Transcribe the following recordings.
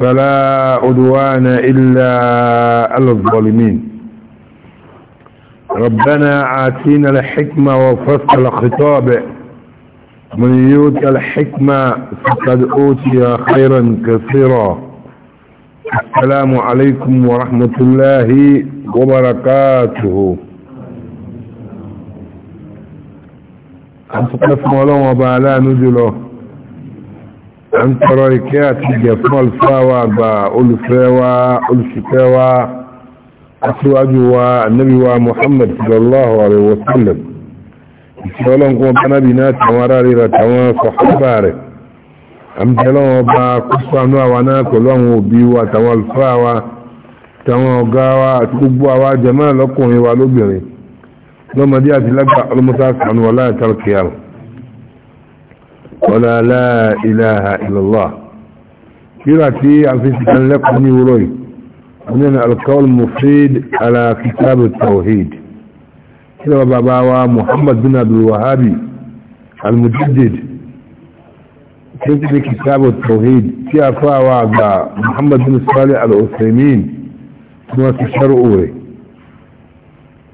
فلا عدوان إلا على الظالمين ربنا آتينا الحكمة وفصل الخطاب من يؤت الحكمة فقد أوتي خيرا كثيرا السلام عليكم ورحمة الله وبركاته أنت قسم لهم وبعلا نزله an tọrọ ìkẹ́ àti ìgẹ̀fún alfáwà àgbà olùfẹ́wà aṣíwájú wa annabiwa muhammad sallallahu alaihi wasallam ìṣẹ́lọ́n kuma bánábi náà tàwọn ará ríra tàwọn sọ̀hábà rẹ̀ àmìtẹ́lọ́wọ́ bá kúsù àánú àwa náà pẹ̀lú àwọn òbí wa tàwọn alfáwà tàwọn ọ̀gá wa àti gbogbo àwa jẹ́mọ́ lọ́kùnrin wa lóbìnrin lọ́mọdé àti lágbà ọlọ́mọsáfà àánú wa láyàtàlùkìyàmù ولا لا إله إلا الله كراتي عفيف كان لكني وروي وننا القول المفيد على كتاب التوحيد كده بابا محمد بن عبد الوهابي المجدد كتب كتاب التوحيد كيف وعد محمد بن صالح العثيمين ثم تشرؤه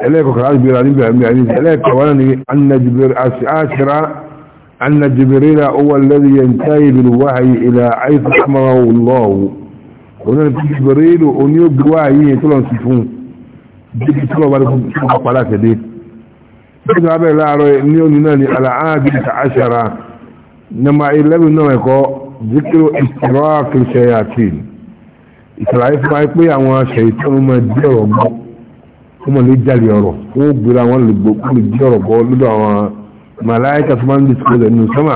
ẹlẹ́ẹ̀kọ̀ kan ágbèrè níbi àmì àní ẹlẹ́ẹ̀kọ̀ wọn ni aṣíra anna jibirila huwa alladhi yantahi bil wahyi ila ayfa amara Allah ona jibirila oni o bi wahyi to lon si fún jibi to ba ko ko pala se de ko ga be la ro ni oni ma pe àwọn shaytan ma je o mo kuma lè jalè ọ̀rọ̀ wọn ò gbéra wọn lè gbó kúrò jí ọ̀rọ̀ bọ́ lọ́dọ̀ àwọn màláìka tó máa ń dìsíkòlẹ̀ nínú sọ́mà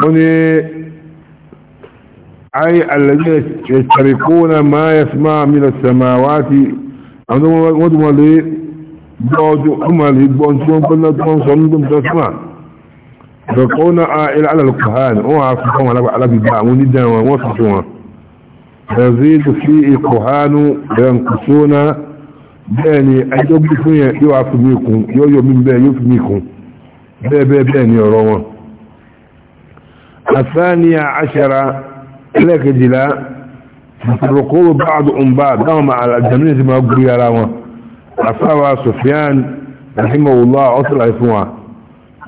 wọ́n ni ay alẹ́gbẹ́ ṣẹ̀ṣẹ̀rẹ̀kóna máa yẹ sí máa mílẹ̀ sẹ̀máwáti àwọn wọ́n tó máa lè gbọ́ tí wọ́n pẹ́lá tó sọ ní gbọ́mtọ́ sọ́mà ṣẹ̀kóna ilẹ̀ alẹ́lẹ́kọ̀ọ́ يزيد فيه كهان وينقصون باني اجب فيه يعف يو يو من بان يفنيكم بي بي باني الثانية عشرة لك جلاء تفرقوا بعض ام بعض على الجميع ما يقول يا راما عصاوى سفيان رحمه الله عصر عصوى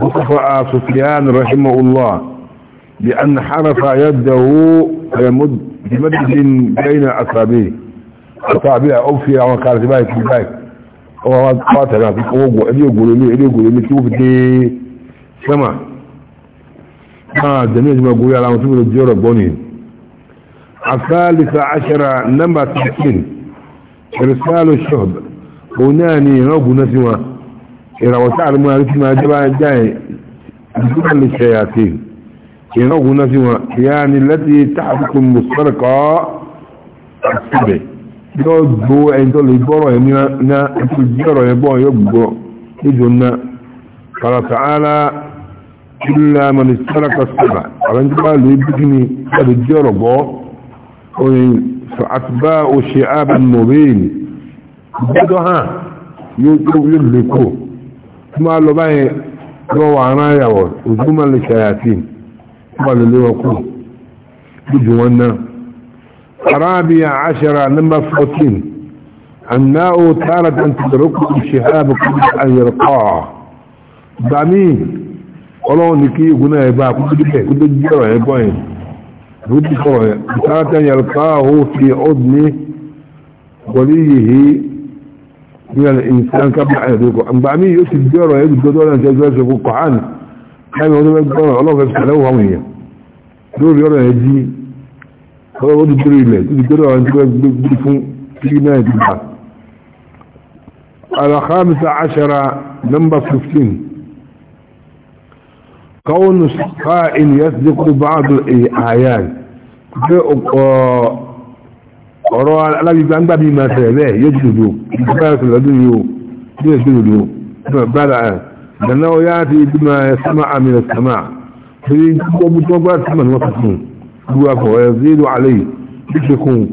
وصف سفيان رحمه الله بأن حرف يده فيمد بمدد بين أصابيه أصابيه أوفي عن كارثبايك بايك هو قاتل في قوة اللي يقول لي اللي يقول لي شوف دي سمع ما جميع ما يقول على مسؤول الجورة بونين الثالثة عشرة نمبر 30 إرسال الشهب هناني نوب نسوى إذا وسع المعرفة ما جبع الجاي بسؤال للشياطين ينغو نسوا يعني التي تحكم مسترقى السبع يوضو عند يعني نا يمنا الجرى يبوه يبوه يجونا قال تعالى إلا من استرق السبع قال انت بقى اللي يبكني قد الجرى بوه فأتباع شعاب مبين بدها يدركوه ثم قال له بقى روى عنايا وزوما للشياطين قبل لي وقوه بجوانا رابع عشر نمبر 14 أنه تارة أن تدركه الشهاب قبل أن يرقاه دامين ọlọ́run ní kí ogun náà ẹgbà kúndínlẹ̀ kúndínlẹ̀ ọ̀rọ̀ ẹgbọ́n yìí rúdí sọ̀rọ̀ ẹ̀ ìtàràtà yàrùkà ó fi ọdún ní wọlé yìí ní ìsìnkà bí àyẹ̀dẹ́kọ̀ àgbàmí yóò ti gbé ọ̀rọ̀ ẹgbẹ̀dọ́dọ́ náà jẹ́ ẹgbẹ́ ẹgbẹ́ kọ̀hánì كان هو ده الله بس كانوا هم هي دول يرا هدي هو ده دري له دي كده عن دي فون دي نا دي بقى على خامس عشرة نمبر فلسطين كون قائن يصدق بعض الآيات جاء قرأ على الذي كان بما سيده يجدد يجدد يجدد يجدد يجدد يجدد لأنه يأتي بما يسمع من السماع فإن مطبع سمع وصفه ويزيد عليه يشكون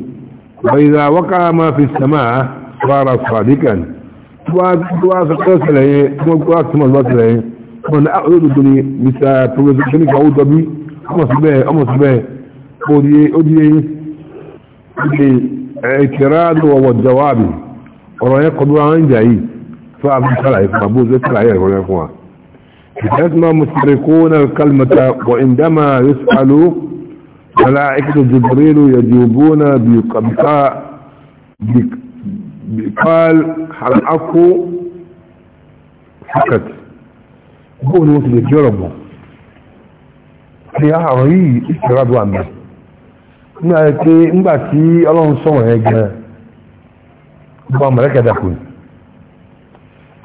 وإذا وقع ما في السماع صار صادقا واسقس له واسمع الوقت له من أعود بني مثل تغزقني كعود بي أما سبه أما سبه أودي أودي اعتراض وجواب ورأيك قدوة عن جايه فعم سلعي فعبوز سلعي يقول لكم يسمى مشركون الكلمة وعندما يسألوا ملائكة جبريل يجيبون بقال بقال حلقه فقط يقول وصل يجربه يا عري إشتراد وعمل nígbà الله ọlọ́run sọ̀rọ̀ ẹgbẹ̀rẹ̀ gbọ́n mọ̀lẹ́kẹ̀dàkùn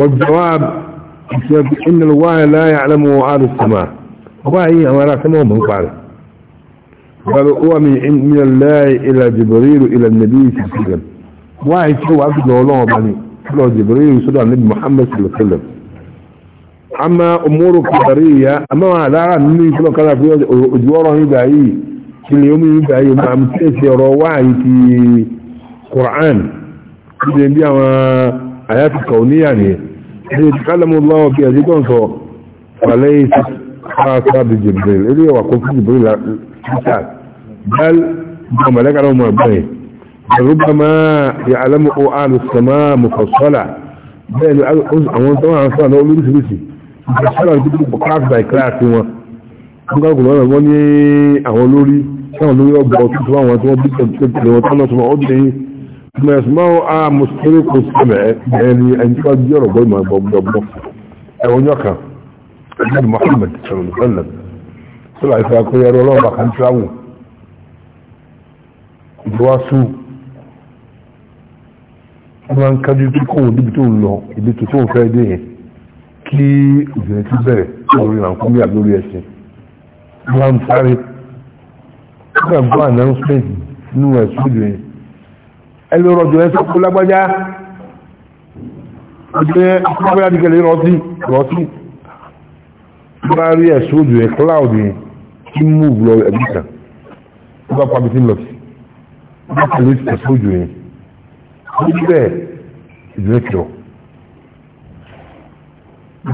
والجواب إن الله لا يعلم أهل السماء وهي أمرا كما هم قال بل هو من من الله إلى جبريل إلى النبي صلى الله عليه وسلم واحد هو عبد الله بني له جبريل صلى النبي محمد صلى الله عليه وسلم أما أمور قدرية أما لا نبي صلى الله عليه وسلم أجواره يبعي في اليوم يبعي مع متأسي رواعي في قرآن àyà ti kọ̀ níyà ni ẹni tí kálẹ̀mù lọ́wọ́ bí ẹ̀dí gbọ́n sọ pàlẹ́ ìsàkásá di Jibril ilé ìwà kó fún Jibril títà bẹ́ẹ̀ bọ́ mọ̀lẹ́kà náà mọ̀ ẹ̀gbọ́n yìí ẹ̀rúbà máa yà alẹ́mù ó àlùsọ̀má mùkọ̀sọ́là bẹ́ẹ̀ ni àwọn tó wà ń sọ̀rọ̀ náà olóríṣiríṣi mùkọ̀sọ́là ní kíkọ́ class by class wọn wọ́n gbàgbọ́ lọ́wọ́ wọ́n ما يسمعه آه مسترق السمع يعني أن يجرب بما يبقى أو نكا النبي محمد صلى الله عليه وسلم صلى الله عليه وسلم يا رولو بخان ساو دواسو wọn kájú tó kóhùn níbi tó ń lọ ibi tó tó ń fẹ́ dé yẹn kí ìbẹ̀rẹ̀ ti bẹ̀rẹ̀ lórí àǹkúmí àlórí ẹ̀sìn wọn ń sáré wọn gbọ́ announcement nínú ẹ̀sùn ìjọ yẹn ẹlẹ́ rọ̀jò ẹ́ sọ́kú lágbájá ọjọ́ ọgbọ́gbọ́gbọ́ ní kẹlẹ̀ rọ́tí rọ́tí bá rí ẹ̀ṣọ́ ojú ẹ̀ cloud yẹn kí mú lọ ẹ̀bíkà ó bá pàbí sí lọ́tí bá pàlú ẹ̀ṣọ́ ojú yẹn ó bẹ́ẹ̀ ìdúrẹ́kìọ́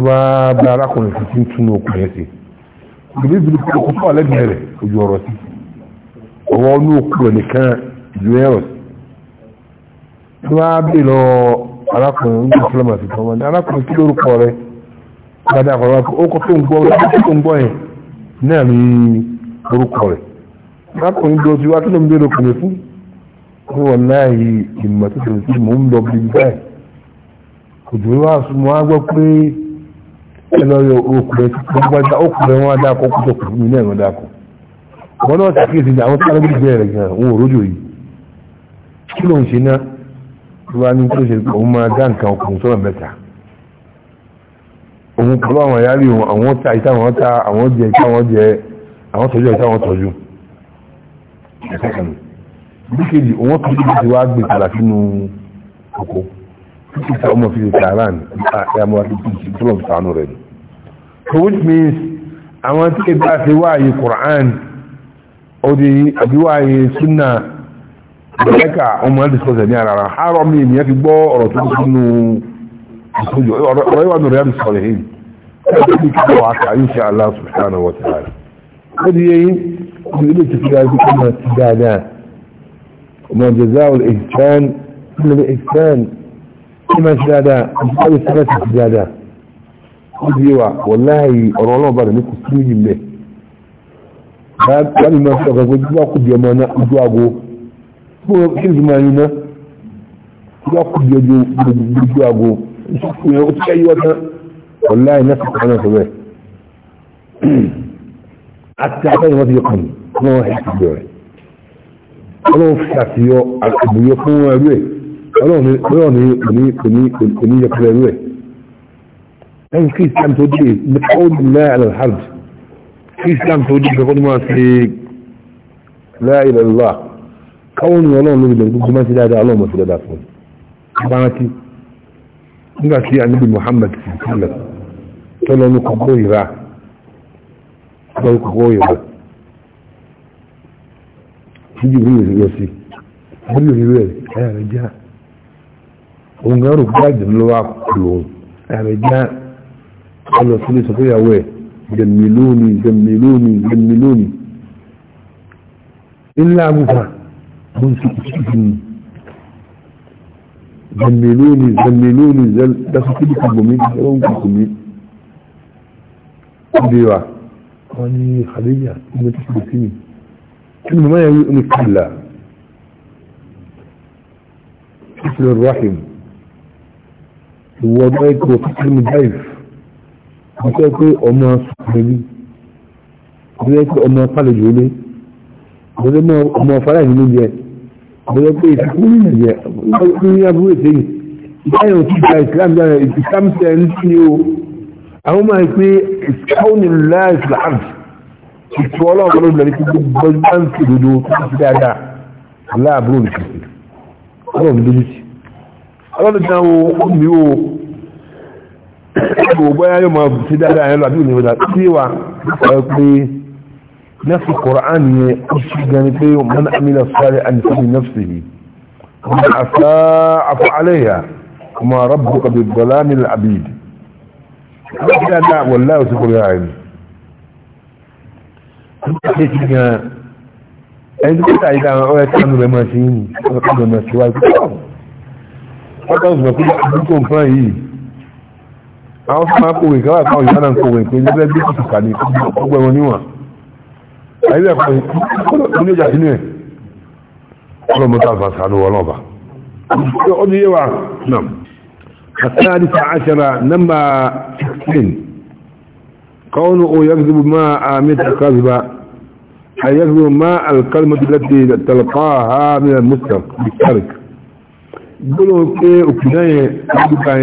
bá bá arákùnrin sí tí ń túnú okùn yẹn sí ìgbèlè ìbílẹ̀ kókó fún alẹ́ bẹ̀rẹ̀ ojú ọ̀rọ̀ sí ọwọ́ inú okùn ẹ̀ nìkan tí wọ́n á bè lọ arákùnrin ní ìfúnlọ́mọ̀ sí fún wọn ní arákùnrin kí lórúkọ rẹ dáadáa kọ̀ wọ́n ó kọ́ tó ń gbọ́ ó tó ń gbọ́ yẹn náà ní orúkọ rẹ̀ arákùnrin lọ sí wá kí ló ń bèrè ọkùnrin fún fún wọn náà yìí ìmọ̀ tó tẹ̀lé sí mò ń lọ bí báyìí kò dúró wá sùn á gbọ́ pé ẹ lọ yọ okùnrin gbọ́gbọ́dá tó kùnrin náà wọn wọn náà ṣàkíyèsí àwọn tí wọn bẹ̀rẹ̀ gan wọn náà tó ṣe pé máa dá nǹkan ọkùnrin sọ́nà mẹ́ta òun pẹ̀lú àwọn ìyáàrí òun àwọn ta ìta àwọn ta àwọn jẹ ìta àwọn jẹ àwọn tọ́jú ìta àwọn tọ́jú ìṣẹ́kànnì bí kejì òun tọ́jú bí ti wá gbé kalà sínú oko títí tí ọmọ fi ta ara ní àyàmọ́ àti títí tí ọlọ́run sànú rẹ̀ ni so which means àwọn tí ebi àti wáyé Qur'an ó di àbí wáyé sunnah ẹ̀ka ọmọ ẹ̀ disclosure ní ara àárọ̀ mi ènìyàn ti gbọ́ ọ̀rọ̀ tó kún nù ìsọjọ́ ọ̀rọ̀ ìwà nùrẹ́ àti sọ̀rọ̀ yìí ẹ̀ka ti kí wọ́n àkà yìí ṣe Allah subhanahu wa ta'ala ó di yẹ yìí ọmọ ilé ti fi ra ibi kọ́mọ ti dáadáa ọmọ jaza'ul ihsan ilẹ̀ ihsan kọ́mọ ti dáadáa ti dáadáa ó di yẹ wa wọláhì ọ̀rọ̀ ọlọ́ọ̀bá rẹ̀ ní kò sí yìí mẹ́ bá fún kíni máa yín náà yóò kú di ojú ojú aago ìṣòkùn yẹn ó ti kẹ́yìn ọ̀tán ọ̀la iná ti kàn náà sọ́bẹ̀ àti àtẹ́yìn wọn ti yọ kàn ní wọn ẹ̀ ti bẹ̀rẹ̀ ọlọ́run fi àtìyọ àbúyọ fún ẹrú ẹ̀ ọlọ́run ní òní yẹpẹrẹ ẹrú ẹ̀ lẹ́yìn kí islam tó dé nípa ó di láì alàlhàd kí islam tó dé ìgbẹ́kọ́ ni wọ́n ti láì lọ́lá àwọn ènìyàn ọlọ́run lórí ilẹ̀ gbogbo máa ń ṣe dáadáa ọlọ́run ti dáadáa fún un bá rántí nígbà tí anabi muhammad sàlẹ̀ tọ́lọ́ ní kọ̀kọ́ ìra tọ́lọ́ ní kọ̀kọ́ ìra tí jìbìrì yọ sí wọ́n lè rí rẹ̀ ẹ̀yà rẹ̀ já òun gan rò bá jẹ̀ lọ́wọ́ àkùrò òun ẹ̀yà rẹ̀ já ọlọ́ sílé sọ fún ìyàwó ẹ̀ jẹ̀mìlónì jẹ̀mìlónì jẹ̀mìlónì ńlá àbúfà mun su cikin zammiluni zammiluni da su kudi kagbomi da tsawon kagbomi kudewa wani haliya inda ta su sini kin ma ya yi ni kalla cikin rahim wọ́n bá ikọ̀ fún mi dáìf wọ́n pé ọmọ sọ̀rọ̀ wọ́n pé ọmọ pálẹ̀ jùlọ wọ́n pé ọmọ fara ìlú jẹ́ àwọn ẹgbẹ́ ìsìnkú ní ìjẹ́ ní abúrú ètè yìí báyọ̀ tí ìjà islam dára islam sẹ́yìn ní o àwọn máa pé ìkáwọn ìlà islam ìtú ọlọ́run ló lọ́rí kí gbogbo bá ń fi dodo tó ti dáadáa aláàbúrò ní kìí ọlọ́run dojú sí ọlọ́run dáná wo omi o ẹgbẹ́ ògbọ́yá yóò máa fi dáadáa yẹn lọ àbí òní ìwọ̀n tí wà ó pé نفس القرآن يعني من عمل صالحا فلنفسه ومن أساء فعليها وما ربك بالظلام العبيد لا لا والله يسكر يا عيني ẹni tó tàí dáa ọ̀rẹ́ tí wọ́n mẹ́mọ́ sí ní ọ̀rẹ́ mẹ́mọ́ sí wáyé púpọ̀ ọ̀tọ́ òṣùwẹ̀ pé àdúgbò nǹkan yìí àwọn fún máa kòwé káwà káwà ìyá náà kòwé pé lẹ́gbẹ́ bí kìtìkà ní ọgbẹ̀rún níwọ̀n ayé ẹ̀kọ́ ní ọjà sínú ẹ̀ ọlọ́mọdé àfàṣánú ọlọ́ọ̀bà ó ní yíwa náà الثالثة عشرة نمى 16 كونه يكذب ما آمنت كذبا أي يكذب ما الكلمة التي تلقاها من المسترك بالترك يقولوا إيه وكناية أبقى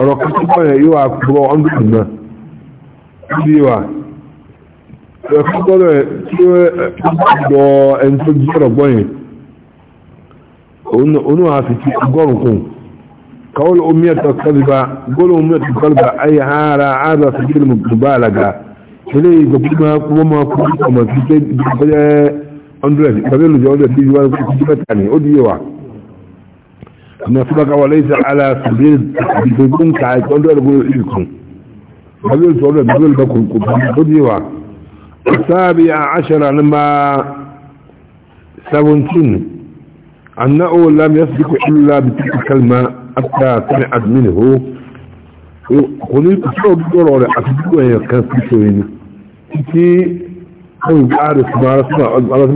أرى كتبا يوا كبروا عندنا يوا ẹ̀fún gbọ́dọ̀ tí ó gbọ́ ẹni tó gbọ́dọ̀ gbọ́ yẹn onú àti ti ọgọ́rùn kùn kawul umiyatu kalba golu umiyatu kalba ay hara ada sajil mubalaga ile gbogbo ma ko ma ko ko ma ti ke gbogbo 100 babe lu jawde ti wa ko ti bata ni o diwa na subaka wa laysa ala sabil bi gun ka ko ndo ko ikun babe lu jawde babe lu ko ko diwa السابع عشر لما 17 أنه لم يصدق إلا بتلك الكلمة حتى سمعت منه قلت شو بدور على أسبوع كان في شوين تي هو عارف ما رسمه